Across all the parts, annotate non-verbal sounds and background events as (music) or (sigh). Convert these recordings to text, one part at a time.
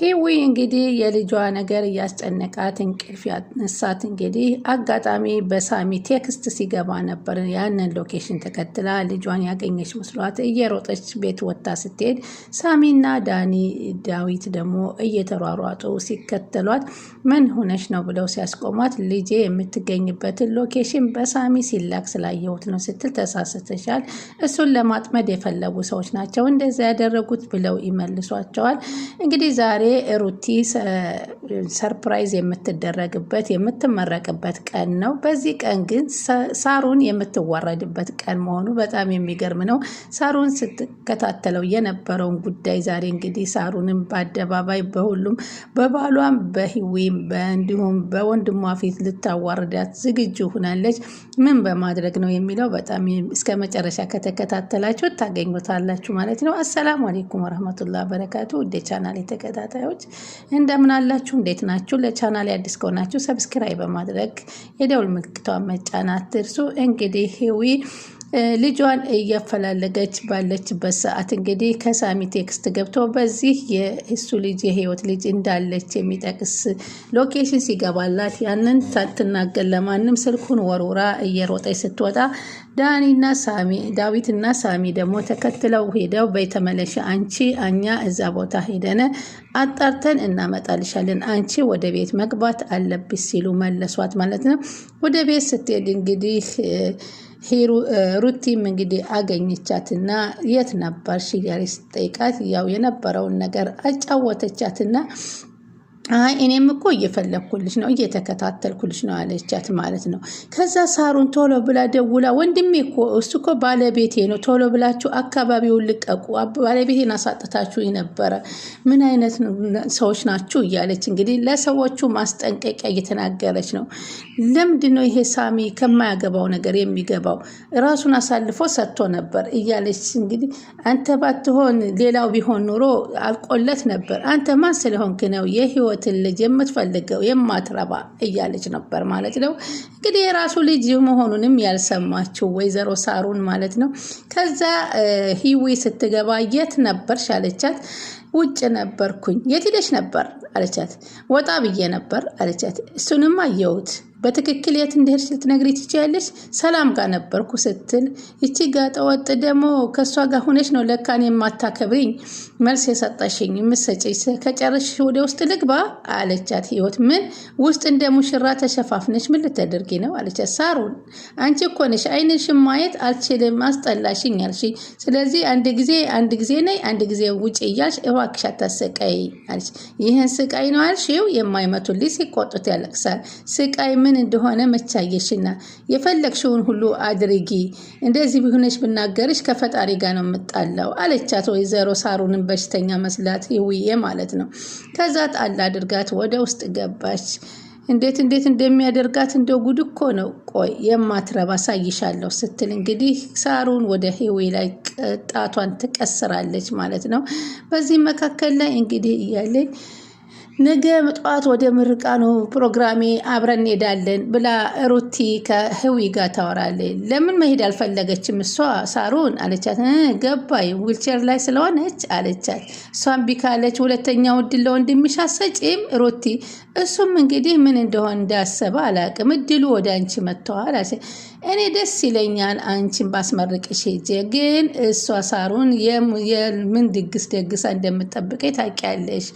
ሂዊ እንግዲህ የልጇ ነገር እያስጨነቃት እንቅልፍ ያነሳት እንግዲህ አጋጣሚ በሳሚ ቴክስት ሲገባ ነበር። ያንን ሎኬሽን ተከትላ ልጇን ያገኘች መስሏት እየሮጠች ቤት ወጥታ ስትሄድ ሳሚና ዳኒ ዳዊት ደግሞ እየተሯሯጡ ሲከተሏት ምን ሆነች ነው ብለው ሲያስቆሟት ልጄ የምትገኝበትን ሎኬሽን በሳሚ ሲላክ ስላየሁት ነው ስትል ተሳስተሻል፣ እሱን ለማጥመድ የፈለጉ ሰዎች ናቸው እንደዚያ ያደረጉት ብለው ይመልሷቸዋል። እንግዲህ ዛሬ ሩቲ ሰርፕራይዝ የምትደረግበት የምትመረቅበት ቀን ነው። በዚህ ቀን ግን ሳሩን የምትዋረድበት ቀን መሆኑ በጣም የሚገርም ነው። ሳሩን ስትከታተለው የነበረውን ጉዳይ ዛሬ እንግዲህ ሳሩንም በአደባባይ በሁሉም በባሏም በህዊም እንዲሁም በወንድሟ ፊት ልታዋርዳት ዝግጁ ሆናለች። ምን በማድረግ ነው የሚለው በጣም እስከ መጨረሻ ከተከታተላችሁ ታገኙታላችሁ ማለት ነው። አሰላሙ አሌይኩም ወረህመቱላህ በረካቱ። ውድ ቻናል የተከታተል ተከታታዮች እንደምን አላችሁ? እንዴት ናችሁ? ለቻናል አዲስ ከሆናችሁ ሰብስክራይብ በማድረግ የደውል ምልክቷን መጫን አትርሱ። እንግዲህ ህዊ ልጇን እያፈላለገች ባለችበት ሰዓት እንግዲህ ከሳሚ ቴክስት ገብቶ በዚህ የእሱ ልጅ የህይወት ልጅ እንዳለች የሚጠቅስ ሎኬሽን ሲገባላት ያንን ሳትናገር ለማንም ስልኩን ወርውራ እየሮጠች ስትወጣ ዳኒና ሳሚ ዳዊትና ሳሚ ደግሞ ተከትለው ሄደው በተመለሸ አንቺ እኛ እዛ ቦታ ሄደነ አጣርተን እናመጣልሻለን አንቺ ወደ ቤት መግባት አለብሽ ሲሉ መለሷት ማለት ነው። ወደ ቤት ስትሄድ እንግዲህ ሩቲም እንግዲህ አገኘቻትና የት ነበርሽ እያለች ስትጠይቃት ያው የነበረውን ነገር አጫወተቻትና አይ እኔም እኮ እየፈለግኩልሽ ነው እየተከታተልኩልሽ ነው አለቻት ማለት ነው። ከዛ ሳሩን ቶሎ ብላ ደውላ ወንድሜ እኮ እሱ እኮ ባለቤቴ ነው፣ ቶሎ ብላችሁ አካባቢውን ልቀቁ፣ ባለቤቴን አሳጥታችሁ የነበረ ምን አይነት ሰዎች ናችሁ እያለች እንግዲህ ለሰዎቹ ማስጠንቀቂያ እየተናገረች ነው። ለምንድን ነው ይሄ ሳሚ ከማያገባው ነገር የሚገባው? ራሱን አሳልፎ ሰጥቶ ነበር እያለች እንግዲህ አንተ ባትሆን ሌላው ቢሆን ኑሮ አልቆለት ነበር። አንተ ማን ስለሆንክ ነው የህይወት የምትሞትን ልጅ የምትፈልገው የማትረባ እያለች ነበር ማለት ነው። እንግዲህ የራሱ ልጅ መሆኑንም ያልሰማችው ወይዘሮ ሳሩን ማለት ነው። ከዛ ሂዊ ስትገባ የት ነበርሽ አለቻት። ውጭ ነበርኩኝ። የት ሄደሽ ነበር አለቻት። ወጣ ብዬ ነበር አለቻት። እሱንም አየሁት በትክክል የት እንደሄድሽ ልትነግሪ ትችያለሽ? ሰላም ጋር ነበርኩ ስትል ይቺ ጋጠ ወጥ ደግሞ ከእሷ ጋር ሁነሽ ነው ለካን የማታከብሪኝ መልስ የሰጠሽኝ የምትሰጪኝ ከጨረሽ ወደ ውስጥ ልግባ አለቻት። ህይወት ምን ውስጥ እንደ ሙሽራ ተሸፋፍነሽ ምን ልታደርጊ ነው አለቻት። ሳሩን አንቺ እኮ ነሽ አይንሽን ማየት አልችልም አስጠላሽኝ አልሽኝ። ስለዚህ አንድ ጊዜ አንድ ጊዜ ነይ አንድ ጊዜ ውጭ እያልሽ እባክሽ አታሰቃይ አለች። ይህን ስቃይ ነው አልሽው የማይመቱልኝ ሲቆጡት ያለቅሳል ስቃይ ምን እንደሆነ መቻየሽና የፈለግሽውን ሁሉ አድርጊ፣ እንደዚህ ቢሆነሽ ብናገርሽ ከፈጣሪ ጋር ነው የምጣለው አለቻት። ወይዘሮ ሳሩንን በሽተኛ መስላት ህውዬ ማለት ነው። ከዛ ጣል አድርጋት ወደ ውስጥ ገባች። እንዴት እንዴት እንደሚያደርጋት እንደ ጉድ እኮ ነው። ቆይ የማትረብ አሳይሻለሁ ስትል እንግዲህ ሳሩን ወደ ህዌ ላይ ጣቷን ትቀስራለች ማለት ነው። በዚህ መካከል ላይ እንግዲህ እያለኝ ነገ ጠዋት ወደ ምርቃኑ ፕሮግራሜ አብረን እንሄዳለን ብላ ሩቲ ከህዊ ጋር ታወራለች። ለምን መሄድ አልፈለገችም እሷ ሳሩን አለቻት። ገባይ ዊልቸር ላይ ስለሆነች አለቻት። እሷን ቢካለች ሁለተኛ እድል ለወንድምሽ አትሰጪም ሩቲ። እሱም እንግዲህ ምን እንደሆን እንዳሰበ አላቅም፣ እድሉ ወደ አንቺ መጥተዋል አለች። እኔ ደስ ይለኛል አንቺን ባስመርቅሽ ሄጄ፣ ግን እሷ ሳሩን የምን ድግስ ደግሳ እንደምጠብቀኝ ታውቂያለሽ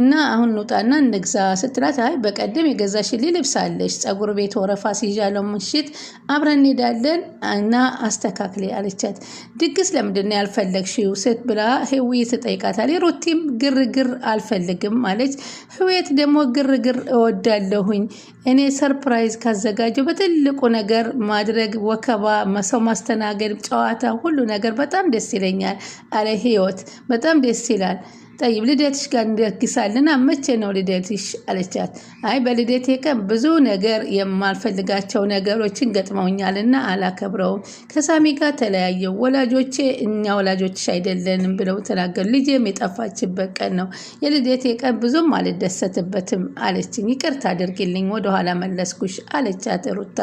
እና አሁን እንውጣና እንግዛ ስትላት፣ አይ በቀደም የገዛሽልኝ ልብስ አለሽ፣ ጸጉር ቤት ወረፋ ሲዣለው ምሽት አብረን እንሄዳለን እና አስተካክል አለቻት። ድግስ ለምንድን ነው ያልፈለግሽው? ስት ብላ ህውይ ትጠይቃታለች። ሩቲም ግርግር አልፈልግም አለች። ህውየት ደግሞ ግርግር እወዳለሁኝ እኔ ሰርፕራይዝ ካዘጋጀው በትልቁ ነገር ማድረግ ማድረግ፣ ወከባ፣ ሰው ማስተናገድ፣ ጨዋታ፣ ሁሉ ነገር በጣም ደስ ይለኛል። አለ ህይወት በጣም ደስ ይላል። ጠይብ ልደትሽ ጋር እንደግሳልና መቼ ነው ልደትሽ አለቻት። አይ በልደቴ ቀን ብዙ ነገር የማልፈልጋቸው ነገሮችን ገጥመውኛልና አላከብረውም። ከሳሚ ጋር ተለያየው። ወላጆቼ እኛ ወላጆችሽ አይደለንም ብለው ተናገሩ። ልጄም የጠፋችበት ቀን ነው። የልደቴ ቀን ብዙም አልደሰትበትም አለችኝ። ይቅርታ አድርግልኝ፣ ወደኋላ መለስኩሽ አለቻት ሩታ።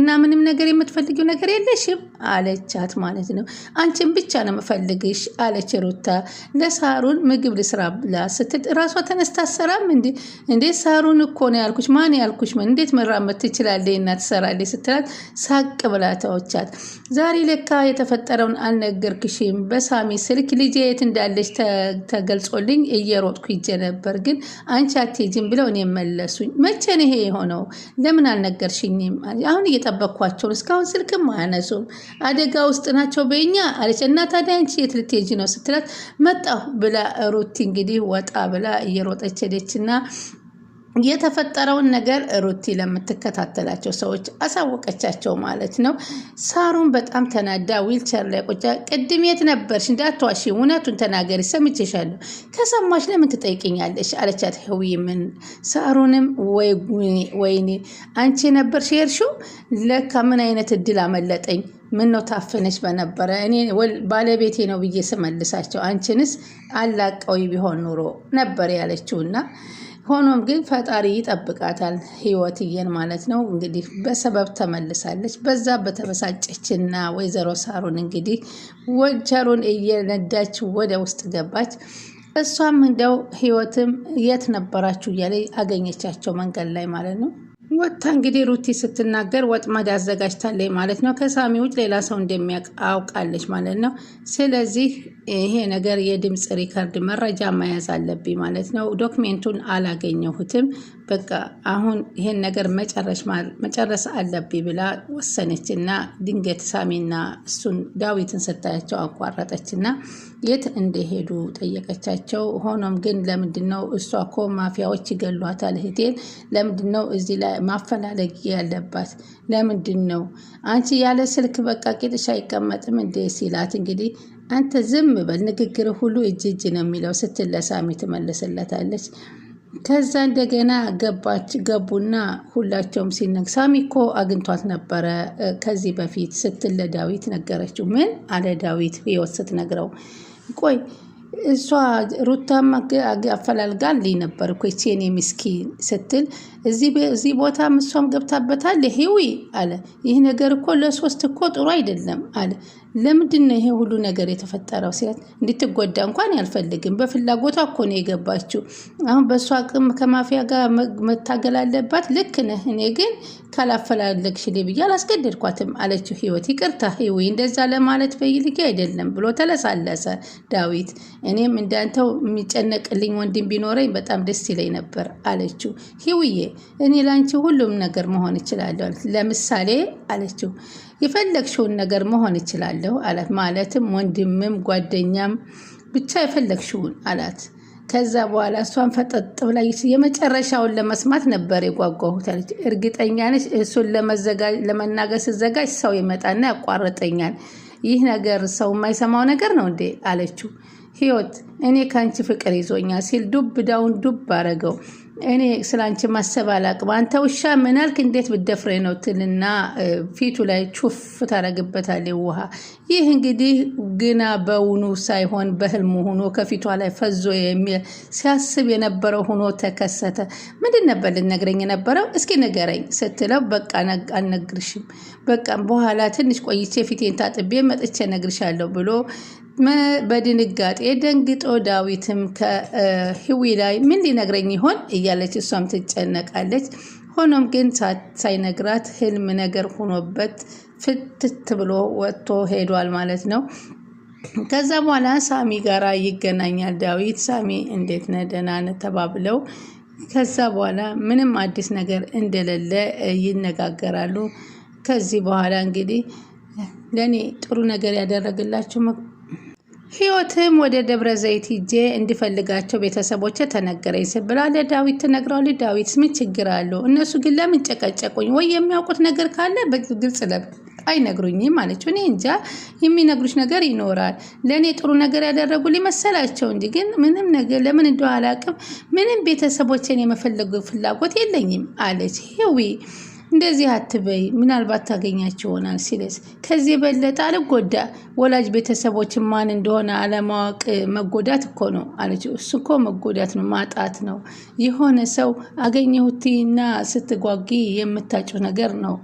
እና ምንም ነገር የምትፈልጊው ነገር የለሽም አለቻት ማለት ነው። አንቺን ብቻ ነው የምፈልግሽ አለች ሩታ ለሳሩን ምግብ ልስራ ብላ ስትል ራሷ ተነስታ አትሰራም እንዴ? እንዴ ሳሩን እኮ ነው ያልኩሽ። ማን ያልኩሽ? ምን እንዴት መራመድ ትችላለች እና ትሰራለች ስትላት ሳቅ ብላ ተወቻት። ዛሬ ለካ የተፈጠረውን አልነገርክሽም። በሳሚ ስልክ ልጄ የት እንዳለች ተገልጾልኝ እየሮጥኩ ይጀ ነበር፣ ግን አንቺ አትሄጂም ብለው እኔ መለሱኝ። መቼ ይሄ የሆነው? ለምን አልነገርሽኝም? አሁን እየጠበቅኳቸውን እስካሁን ስልክም አያነሱም። አደጋ ውስጥ ናቸው በኛ አለች። እና ታዲያ አንቺ የት ልትሄጂ ነው ስትላት መጣሁ ብላ ሩቲ እንግዲህ ወጣ ብላ እየሮጠች ሄደች እና የተፈጠረውን ነገር ሩቲ ለምትከታተላቸው ሰዎች አሳወቀቻቸው ማለት ነው። ሳሩን በጣም ተናዳ ዊልቸር ላይ ቁጭ ቅድም የት ነበርሽ? እንዳትዋሺ፣ እውነቱን ተናገሪ፣ ሰምቼሻለሁ። ከሰማሽ ለምን ትጠይቅኛለሽ? አለቻት ህዊ ምን ሳሩንም፣ ወይኔ አንቺ ነበርሽ የሄድሽው? ለካ ምን አይነት እድል አመለጠኝ ምን ነው ታፈነች በነበረ እኔ ባለቤቴ ነው ብዬ ስመልሳቸው አንቺንስ አላቀዊ ቢሆን ኑሮ ነበር ያለችውና ሆኖም ግን ፈጣሪ ይጠብቃታል ህይወትዬን ማለት ነው። እንግዲህ በሰበብ ተመልሳለች። በዛ በተበሳጨችና ወይዘሮ ሳሩን እንግዲህ ወንቸሩን እየነዳች ወደ ውስጥ ገባች። እሷም እንደው ህይወትም የት ነበራችሁ እያለ አገኘቻቸው መንገድ ላይ ማለት ነው። ወጥታ እንግዲህ ሩቲ ስትናገር ወጥመድ አዘጋጅታለች ማለት ነው። ከሳሚ ውጭ ሌላ ሰው እንደሚያውቅ አውቃለች ማለት ነው። ስለዚህ ይሄ ነገር የድምፅ ሪከርድ መረጃ መያዝ አለብኝ ማለት ነው። ዶክሜንቱን አላገኘሁትም በቃ አሁን ይሄን ነገር መጨረስ አለብኝ ብላ ወሰነች እና ድንገት ሳሚና እሱን ዳዊትን ስታያቸው አቋረጠች እና የት እንደሄዱ ጠየቀቻቸው። ሆኖም ግን ለምንድን ነው እሷ እኮ ማፊያዎች ይገሏታል እህቴን፣ ለምንድን ነው እዚህ ላይ ማፈላለግ ያለባት? ለምንድን ነው አንቺ ያለ ስልክ በቃ ቂጥሽ አይቀመጥም እንዴ ሲላት እንግዲህ አንተ ዝም በል ንግግር ሁሉ እጅ እጅ ነው የሚለው ስትል ለሳሚ ትመልስለታለች። ከዛ እንደገና ገባች ገቡና ሁላቸውም ሲነግ ሳሚ እኮ አግኝቷት ነበረ ከዚህ በፊት ስትል ለዳዊት ነገረችው። ምን አለ ዳዊት ህይወት ስትነግረው፣ ቆይ እሷ ሩታም አፈላልጋልኝ ነበር እኮ ቼን የሚስኪ ስትል እዚህ ቦታ እሷም ገብታበታል ሂዊ አለ። ይህ ነገር እኮ ለሶስት እኮ ጥሩ አይደለም አለ። ለምንድን ነው ይሄ ሁሉ ነገር የተፈጠረው ሲላት፣ እንድትጎዳ እንኳን ያልፈልግም በፍላጎቷ እኮ ነው የገባችው። አሁን በእሷ አቅም ከማፊያ ጋር መታገል አለባት። ልክ ነህ። እኔ ግን ካላፈላለግሽልኝ ብዬ አላስገደድኳትም አለችው ህይወት። ይቅርታ ሂዊ፣ እንደዛ ለማለት በይልጌ አይደለም ብሎ ተለሳለሰ ዳዊት። እኔም እንዳንተው የሚጨነቅልኝ ወንድም ቢኖረኝ በጣም ደስ ይለኝ ነበር አለችው ሂውዬ እኔ ላንቺ ሁሉም ነገር መሆን እችላለሁ አለት። ለምሳሌ አለችው የፈለግሽውን ነገር መሆን እችላለሁ አላት። ማለትም ወንድምም ጓደኛም ብቻ የፈለግሽውን አላት። ከዛ በኋላ እሷን ፈጠጥ ብላ የመጨረሻውን ለመስማት ነበር የጓጓሁት አለች። እርግጠኛ ነች እሱን ለመናገር ስዘጋጅ ሰው ይመጣና ያቋረጠኛል። ይህ ነገር ሰው የማይሰማው ነገር ነው እንዴ አለችው። ህይወት እኔ ከአንቺ ፍቅር ይዞኛል ሲል ዱብ ዳውን ዱብ አረገው። እኔ ስላንቺ ማሰብ አላቅም። አንተ ውሻ ምናልክ እንዴት ብደፍሬ ነው ትልና ፊቱ ላይ ቹፍ ታረግበታል ውሃ። ይህ እንግዲህ ግና በውኑ ሳይሆን በህልሙ ሆኖ ከፊቷ ላይ ፈዞ የሚል ሲያስብ የነበረው ሆኖ ተከሰተ። ምንድን ነበር ልነግረኝ የነበረው እስኪ ንገረኝ ስትለው በቃ አልነግርሽም፣ በቃ በኋላ ትንሽ ቆይቼ ፊቴን ታጥቤ መጥቼ ነግርሻለሁ ብሎ በድንጋጤ ደንግጦ ዳዊትም ከህዊ ላይ ምን ሊነግረኝ ይሆን እያለች እሷም ትጨነቃለች። ሆኖም ግን ሳይነግራት ህልም ነገር ሆኖበት ፍትት ብሎ ወጥቶ ሄዷል ማለት ነው። ከዛ በኋላ ሳሚ ጋራ ይገናኛል ዳዊት። ሳሚ እንዴት ነህ? ደህና ነህ? ተባብለው ከዛ በኋላ ምንም አዲስ ነገር እንደሌለ ይነጋገራሉ። ከዚህ በኋላ እንግዲህ ለእኔ ጥሩ ነገር ያደረግላችሁ ህይወትም ወደ ደብረ ዘይት ሂጄ እንዲፈልጋቸው ቤተሰቦች ተነገረኝ ስብላ ለዳዊት ትነግረዋለች። ዳዊት ምን ችግር አለው? እነሱ ግን ለምን ጨቀጨቁኝ? ወይ የሚያውቁት ነገር ካለ በግልጽ ለ አይነግሩኝም ማለችው። እኔ እንጃ የሚነግሩች ነገር ይኖራል። ለእኔ ጥሩ ነገር ያደረጉ ሊመሰላቸው እንጂ ግን ምንም ነገር ለምን እንደው አላውቅም። ምንም ቤተሰቦችን የመፈለጉ ፍላጎት የለኝም አለች ህዊ እንደዚህ አትበይ፣ ምናልባት ታገኛቸው ይሆናል ሲልስ ከዚህ የበለጠ አልጎዳ ወላጅ ቤተሰቦች ማን እንደሆነ አለማወቅ መጎዳት እኮ ነው አለችው። እሱ እኮ መጎዳት ነው ማጣት ነው። የሆነ ሰው አገኘሁትና ስትጓጊ የምታጩ ነገር ነው።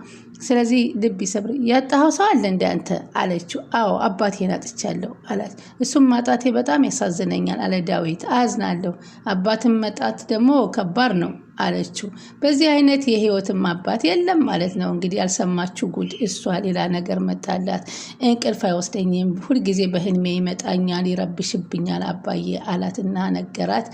ስለዚህ ልብ ይሰብር። ያጣኸው ሰው አለ እንደ አንተ አለችው። አዎ አባቴን አጥቻለሁ አላት። እሱም ማጣቴ በጣም ያሳዝነኛል አለ ዳዊት። አዝናለሁ። አባትን መጣት ደግሞ ከባድ ነው አለችው። በዚህ አይነት የህይወትም አባት የለም ማለት ነው። እንግዲህ ያልሰማችሁ ጉድ። እሷ ሌላ ነገር መጣላት። እንቅልፍ አይወስደኝም፣ ሁልጊዜ በህልሜ ይመጣኛል፣ ይረብሽብኛል አባዬ አላትና ነገራት።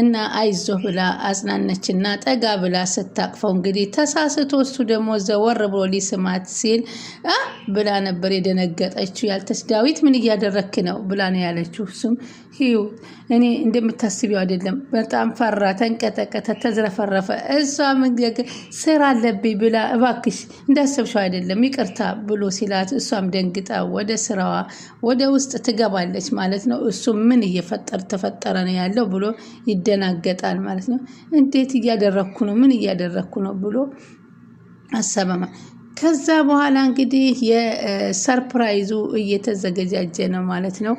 እና አይዞ ብላ አጽናነች እና ጠጋ ብላ ስታቅፈው እንግዲህ ተሳስቶ እሱ ደግሞ ዘወር ብሎ ሊስማት ሲል ብላ ነበር የደነገጠችው። ያልተች ዳዊት ምን እያደረክ ነው ብላ ነው ያለችው። እሱም ይኸው እኔ እንደምታስቢው አይደለም። በጣም ፈራ፣ ተንቀጠቀጠ፣ ተዝረፈረፈ። እሷ ስራ አለብኝ ብላ እባክሽ እንዳሰብሽው አይደለም ይቅርታ ብሎ ሲላት እሷም ደንግጣ ወደ ስራዋ ወደ ውስጥ ትገባለች ማለት ነው። እሱ ምን እየፈጠር ተፈጠረ ነው ያለው ብሎ ይደናገጣል ማለት ነው። እንዴት እያደረግኩ ነው? ምን እያደረግኩ ነው ብሎ አሰበማል። ከዛ በኋላ እንግዲህ የሰርፕራይዙ እየተዘገጃጀ ነው ማለት ነው።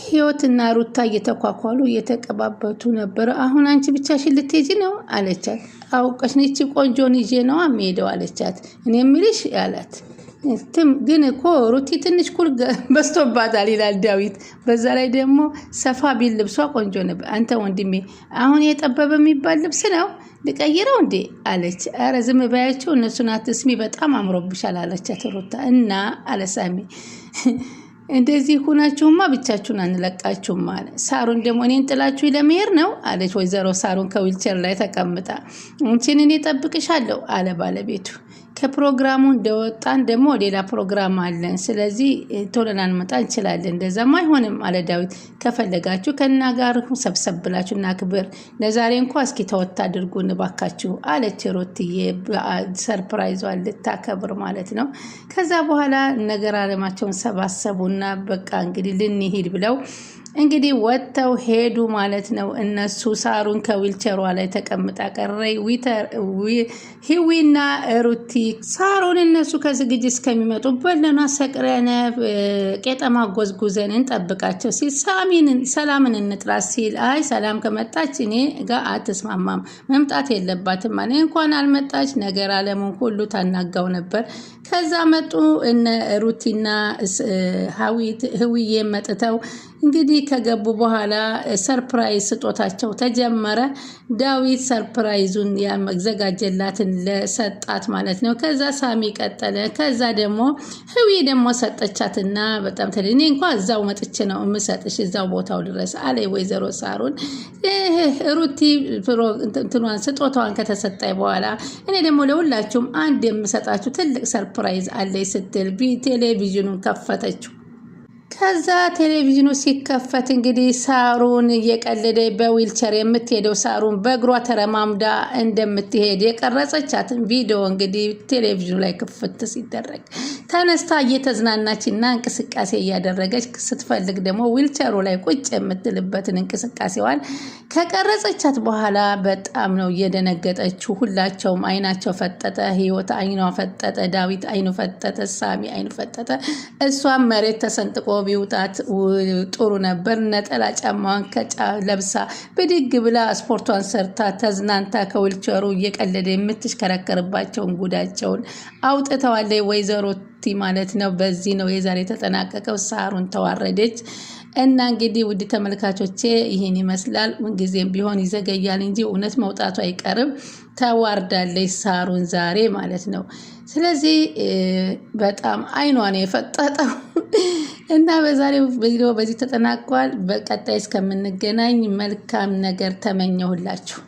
ህይወትና ሩታ እየተኳኳሉ እየተቀባበቱ ነበረ። አሁን አንቺ ብቻሽን ልትሄጂ ነው አለቻት። አውቀሽ ነች ቆንጆን ይዤ ነዋ የምሄደው አለቻት። እኔ የምልሽ አላት ግን እኮ ሩቲ ትንሽ ኩል (laughs) በስቶባታል ይላል ዳዊት። በዛ ላይ ደግሞ ሰፋ ቢል ልብሷ ቆንጆ ነበር። አንተ ወንድሜ አሁን የጠበበ የሚባል ልብስ ነው ልቀይረው እንዴ አለች። ኧረ ዝም ባያቸው እነሱን አትስሚ፣ በጣም አምሮብሻል አለቻት ሩታ እና አለሳሚ (laughs) እንደዚህ ሁናችሁማ ብቻችሁን አንለቃችሁም አለ። ሳሩን ደግሞ እኔን ጥላችሁ ለመሄድ ነው አለች ወይዘሮ ሳሩን ከዊልቸር ላይ ተቀምጣ። አንቺን እኔ ጠብቅሻለሁ አለ ባለቤቱ። ከፕሮግራሙ እንደወጣን ደግሞ ሌላ ፕሮግራም አለን። ስለዚህ ቶሎ ላንመጣ እንችላለን። እንደዛም አይሆንም አለ ዳዊት። ከፈለጋችሁ ከእና ጋር ሰብሰብ ብላችሁ እና ክብር ለዛሬ እንኳ እስኪ ተወታ አድርጉ እንባካችሁ አለች ሮትዬ። ሰርፕራይዟ ልታከብር ማለት ነው። ከዛ በኋላ ነገር አለማቸውን ሰባሰቡና በቃ እንግዲህ ልንሄድ ብለው እንግዲህ ወጥተው ሄዱ ማለት ነው። እነሱ ሳሩን ከዊልቸሯ ላይ ተቀምጣ ቀረይ ሂዊና ሩቲ ሳሩን እነሱ ከዝግጅት እስከሚመጡ በለና ሰቅረነ ቄጠማ ጎዝጉዘን እንጠብቃቸው ሲል ሰላምን እንጥራ ሲል አይ ሰላም ከመጣች እኔ ጋር አትስማማም፣ መምጣት የለባትም ማለት እንኳን አልመጣች ነገር አለሙን ሁሉ ታናጋው ነበር። ከዛ መጡ እነ ሩቲና ህዊዬ መጥተው እንግዲህ እንግዲህ ከገቡ በኋላ ሰርፕራይዝ ስጦታቸው ተጀመረ። ዳዊት ሰርፕራይዙን ያመዘጋጀላትን ለሰጣት ማለት ነው። ከዛ ሳሚ ቀጠለ። ከዛ ደግሞ ህዊ ደግሞ ሰጠቻትና በጣም ተ እኔ እንኳ እዛው መጥቼ ነው የምሰጥሽ እዛው ቦታው ድረስ አለ ወይዘሮ ሳሩን ሩቲ እንትኗን ስጦታዋን ከተሰጣይ በኋላ እኔ ደግሞ ለሁላችሁም አንድ የምሰጣችሁ ትልቅ ሰርፕራይዝ አለኝ ስትል ቴሌቪዥኑን ከፈተችው። ከዛ ቴሌቪዥኑ ሲከፈት እንግዲህ ሳሩን እየቀለደ በዊልቸር የምትሄደው ሳሩን በእግሯ ተረማምዳ እንደምትሄድ የቀረጸቻትን ቪዲዮ እንግዲህ ቴሌቪዥኑ ላይ ክፍት ሲደረግ ተነስታ እየተዝናናች እና እንቅስቃሴ እያደረገች ስትፈልግ ደግሞ ዊልቸሩ ላይ ቁጭ የምትልበትን እንቅስቃሴዋን ከቀረጸቻት በኋላ በጣም ነው እየደነገጠችው። ሁላቸውም አይናቸው ፈጠጠ። ህይወት አይኗ ፈጠጠ። ዳዊት አይኑ ፈጠጠ። ሳሚ አይኑ ፈጠጠ። እሷም መሬት ተሰንጥቆ ቢውጣት ጥሩ ነበር። ነጠላ ጫማዋን ከጫ ለብሳ ብድግ ብላ ስፖርቷን ሰርታ ተዝናንታ ከዊልቸሩ እየቀለደ የምትሽከረከርባቸውን ጉዳቸውን አውጥተዋለ ወይዘሮ ቲ ማለት ነው። በዚህ ነው የዛሬ የተጠናቀቀው። ሳሩን ተዋረደች። እና እንግዲህ ውድ ተመልካቾቼ ይህን ይመስላል። ምንጊዜም ቢሆን ይዘገያል እንጂ እውነት መውጣቱ አይቀርም። ተዋርዳለች ሳሩን ዛሬ ማለት ነው። ስለዚህ በጣም አይኗን የፈጠጠው (laughs) እና በዛሬ ቪዲዮ በዚህ ተጠናቋል። በቀጣይ እስከምንገናኝ መልካም ነገር ተመኘሁላችሁ።